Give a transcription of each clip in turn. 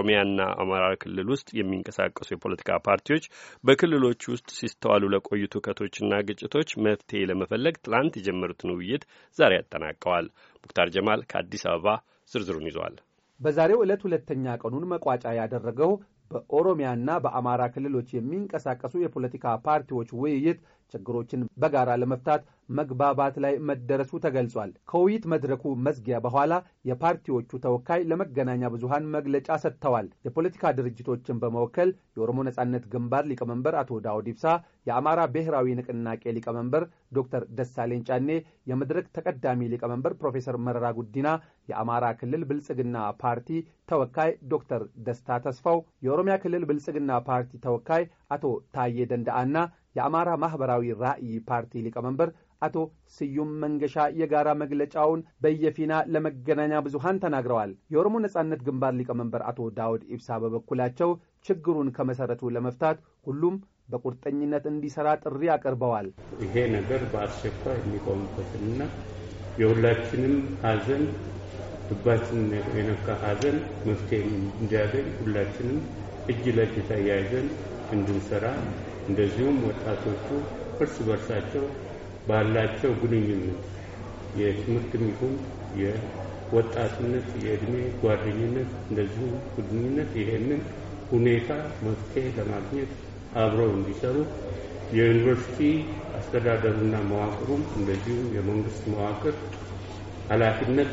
ኦሮሚያና አማራ ክልል ውስጥ የሚንቀሳቀሱ የፖለቲካ ፓርቲዎች በክልሎች ውስጥ ሲስተዋሉ ለቆዩ ሁከቶችና ግጭቶች መፍትሄ ለመፈለግ ትላንት የጀመሩትን ውይይት ዛሬ ያጠናቀዋል። ሙክታር ጀማል ከአዲስ አበባ ዝርዝሩን ይዟል። በዛሬው ዕለት ሁለተኛ ቀኑን መቋጫ ያደረገው በኦሮሚያና በአማራ ክልሎች የሚንቀሳቀሱ የፖለቲካ ፓርቲዎች ውይይት ችግሮችን በጋራ ለመፍታት መግባባት ላይ መደረሱ ተገልጿል። ከውይይት መድረኩ መዝጊያ በኋላ የፓርቲዎቹ ተወካይ ለመገናኛ ብዙሃን መግለጫ ሰጥተዋል። የፖለቲካ ድርጅቶችን በመወከል የኦሮሞ ነጻነት ግንባር ሊቀመንበር አቶ ዳውድ ኢብሳ፣ የአማራ ብሔራዊ ንቅናቄ ሊቀመንበር ዶክተር ደሳለኝ ጫኔ፣ የመድረክ ተቀዳሚ ሊቀመንበር ፕሮፌሰር መረራ ጉዲና፣ የአማራ ክልል ብልጽግና ፓርቲ ተወካይ ዶክተር ደስታ ተስፋው፣ የኦሮሚያ ክልል ብልጽግና ፓርቲ ተወካይ አቶ ታዬ ደንዳአና የአማራ ማኅበራዊ ራዕይ ፓርቲ ሊቀመንበር አቶ ስዩም መንገሻ የጋራ መግለጫውን በየፊና ለመገናኛ ብዙሃን ተናግረዋል። የኦሮሞ ነጻነት ግንባር ሊቀመንበር አቶ ዳውድ ኢብሳ በበኩላቸው ችግሩን ከመሠረቱ ለመፍታት ሁሉም በቁርጠኝነት እንዲሠራ ጥሪ አቅርበዋል። ይሄ ነገር በአስቸኳይ የሚቆምበትንና የሁላችንም ሐዘን ልባችን የነካ ሐዘን መፍትሄ እንዲያገኝ ሁላችንም እጅ ለእጅ ተያይዘን እንድንሰራ እንደዚሁም ወጣቶቹ እርስ በርሳቸው ባላቸው ግንኙነት የትምህርትም ይሁን የወጣትነት የእድሜ ጓደኝነት እንደዚሁም ግንኙነት ይሄንን ሁኔታ መፍትሄ ለማግኘት አብረው እንዲሰሩ የዩኒቨርሲቲ አስተዳደሩና መዋቅሩም እንደዚሁም የመንግስት መዋቅር ኃላፊነት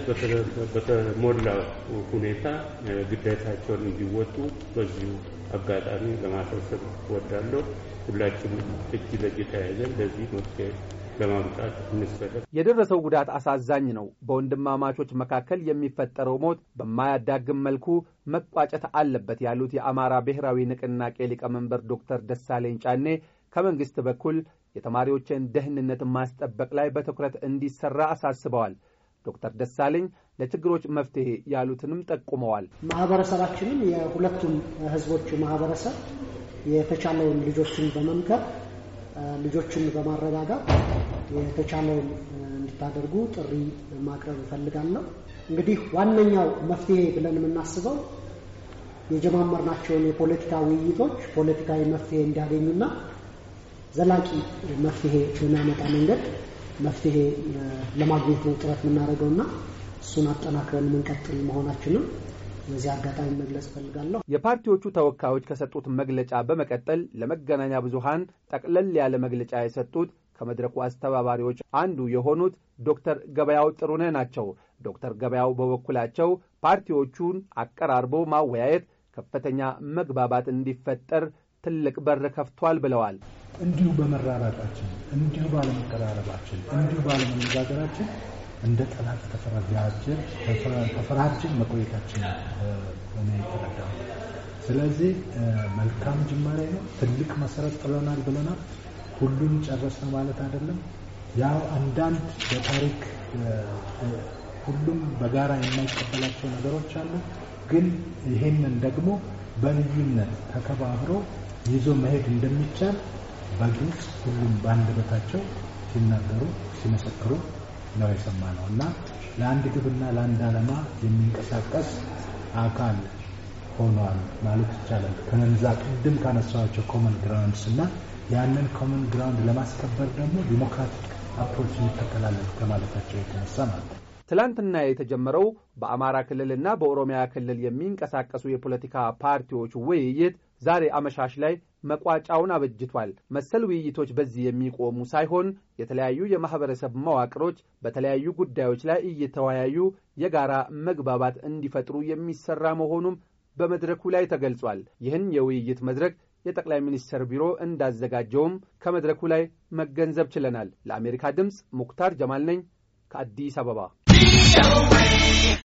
በተሞላ ሁኔታ ግዴታቸውን እንዲወጡ በዚሁ አጋጣሚ ለማሳሰብ እወዳለሁ። ሁላችንም እጅ ለእጅ ተያይዘን ለዚህ መፍትሄ ለማምጣት እንሰለፍ። የደረሰው ጉዳት አሳዛኝ ነው። በወንድማማቾች መካከል የሚፈጠረው ሞት በማያዳግም መልኩ መቋጨት አለበት ያሉት የአማራ ብሔራዊ ንቅናቄ ሊቀመንበር ዶክተር ደሳለኝ ጫኔ ከመንግስት በኩል የተማሪዎችን ደህንነት ማስጠበቅ ላይ በትኩረት እንዲሰራ አሳስበዋል። ዶክተር ደሳለኝ ለችግሮች መፍትሄ ያሉትንም ጠቁመዋል። ማህበረሰባችንም የሁለቱም ህዝቦች ማህበረሰብ የተቻለውን ልጆችን በመምከር ልጆችን በማረጋጋት የተቻለውን እንድታደርጉ ጥሪ ማቅረብ እፈልጋለሁ። እንግዲህ ዋነኛው መፍትሄ ብለን የምናስበው የጀማመርናቸውን የፖለቲካ ውይይቶች ፖለቲካዊ መፍትሄ እንዲያገኙና ዘላቂ መፍትሄ የሚያመጣ መንገድ መፍትሄ ለማግኘት ነው ጥረት የምናደርገው እና እሱን አጠናክረን የምንቀጥል መሆናችንም በዚህ አጋጣሚ መግለጽ ፈልጋለሁ። የፓርቲዎቹ ተወካዮች ከሰጡት መግለጫ በመቀጠል ለመገናኛ ብዙሃን ጠቅለል ያለ መግለጫ የሰጡት ከመድረኩ አስተባባሪዎች አንዱ የሆኑት ዶክተር ገበያው ጥሩነህ ናቸው። ዶክተር ገበያው በበኩላቸው ፓርቲዎቹን አቀራርቦ ማወያየት ከፍተኛ መግባባት እንዲፈጠር ትልቅ በር ከፍቷል ብለዋል። እንዲሁ በመራራቃችን፣ እንዲሁ ባለመቀራረባችን፣ እንዲሁ ባለመነጋገራችን እንደ ጠላት ተፈራጅን መቆየታችን ሆነ ይተረዳል። ስለዚህ መልካም ጅማሬ ነው። ትልቅ መሰረት ጥለናል ብለናል። ሁሉም ጨረስን ማለት አይደለም። ያው አንዳንድ በታሪክ ሁሉም በጋራ የማይቀበላቸው ነገሮች አሉ። ግን ይህንን ደግሞ በልዩነት ተከባብሮ ይዞ መሄድ እንደሚቻል በግልጽ ሁሉም በአንደበታቸው ሲናገሩ ሲመሰክሩ ነው የሰማ ነው እና ለአንድ ግብና ለአንድ ዓላማ የሚንቀሳቀስ አካል ሆኗል ማለት ይቻላል። ከነዛ ቅድም ካነሳቸው ኮመን ግራውንድስ እና ያንን ኮመን ግራውንድ ለማስከበር ደግሞ ዲሞክራቲክ አፕሮች እንከተላለን ከማለታቸው የተነሳ ማለት ነው። ትላንትና የተጀመረው በአማራ ክልልና በኦሮሚያ ክልል የሚንቀሳቀሱ የፖለቲካ ፓርቲዎች ውይይት ዛሬ አመሻሽ ላይ መቋጫውን አበጅቷል። መሰል ውይይቶች በዚህ የሚቆሙ ሳይሆን የተለያዩ የማኅበረሰብ መዋቅሮች በተለያዩ ጉዳዮች ላይ እየተወያዩ የጋራ መግባባት እንዲፈጥሩ የሚሠራ መሆኑም በመድረኩ ላይ ተገልጿል። ይህን የውይይት መድረክ የጠቅላይ ሚኒስትር ቢሮ እንዳዘጋጀውም ከመድረኩ ላይ መገንዘብ ችለናል። ለአሜሪካ ድምፅ ሙክታር ጀማል ነኝ ከአዲስ አበባ